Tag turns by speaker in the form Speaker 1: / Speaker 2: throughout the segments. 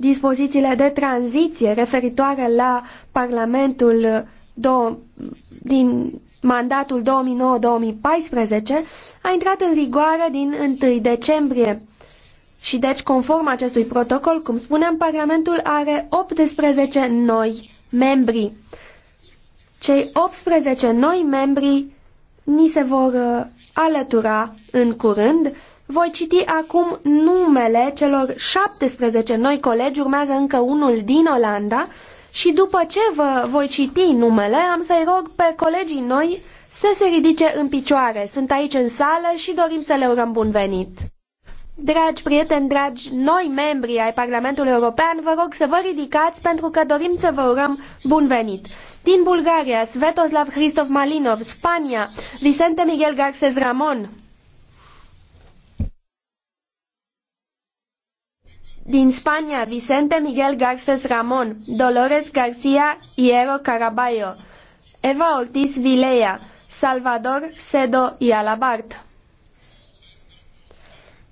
Speaker 1: dispozițiile de tranziție referitoare la Parlamentul din mandatul 2009-2014 a intrat în vigoare din 1 decembrie. Și deci, conform acestui protocol, cum spuneam, Parlamentul are 18 noi membri. Cei 18 noi membri ni se vor uh, alătura în curând voi citi acum numele celor 17 noi colegi, urmează încă unul din Olanda și după ce vă voi citi numele, am să-i rog pe colegii noi să se ridice în picioare. Sunt aici în sală și dorim să le urăm bun venit. Dragi prieteni, dragi noi membri ai Parlamentului European, vă rog să vă ridicați pentru că dorim să vă urăm bun venit. Din Bulgaria, Svetoslav Hristov Malinov, Spania, Vicente Miguel Garces Ramon, din Spania, Vicente Miguel Garces Ramón, Dolores García Hierro Caraballo, Eva Ortiz Vilea, Salvador Sedo Alabart.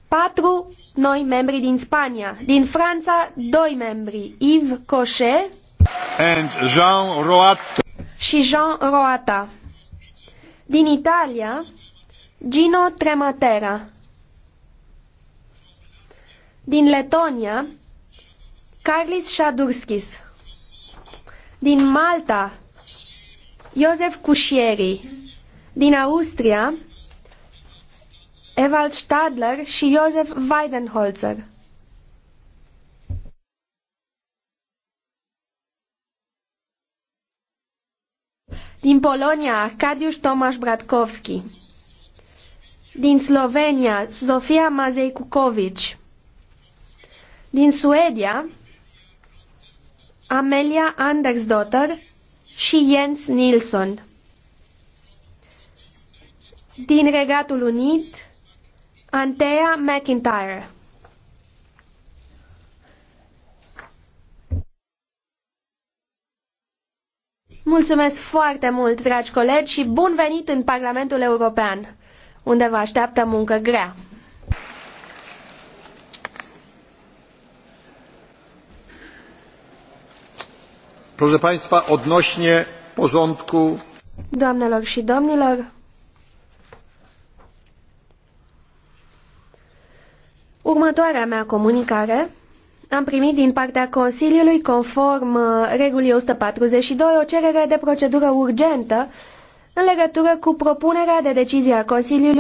Speaker 1: Patru noi membri din Spania, din Franța doi membri, Yves Cochet And Jean Roata. și Jean Roata. Din Italia, Gino Trematera. Din Letonia, Carlis Shadurskis. Din Malta, Iosef Cușieri. Din Austria, Ewald Stadler și Josef Weidenholzer. Din Polonia, Arkadiusz Tomasz Bratkowski. Din Slovenia, Zofia Mazejkukovici din Suedia, Amelia Andersdotter și Jens Nilsson. Din Regatul Unit, Antea McIntyre. Mulțumesc foarte mult, dragi colegi, și bun venit în Parlamentul European, unde vă așteaptă muncă grea. Proszę Państwa, odnośnie porządku... Doamnelor și domnilor, următoarea mea comunicare am primit din partea Consiliului, conform uh, regulii 142, o cerere de procedură urgentă în legătură cu propunerea de decizie a Consiliului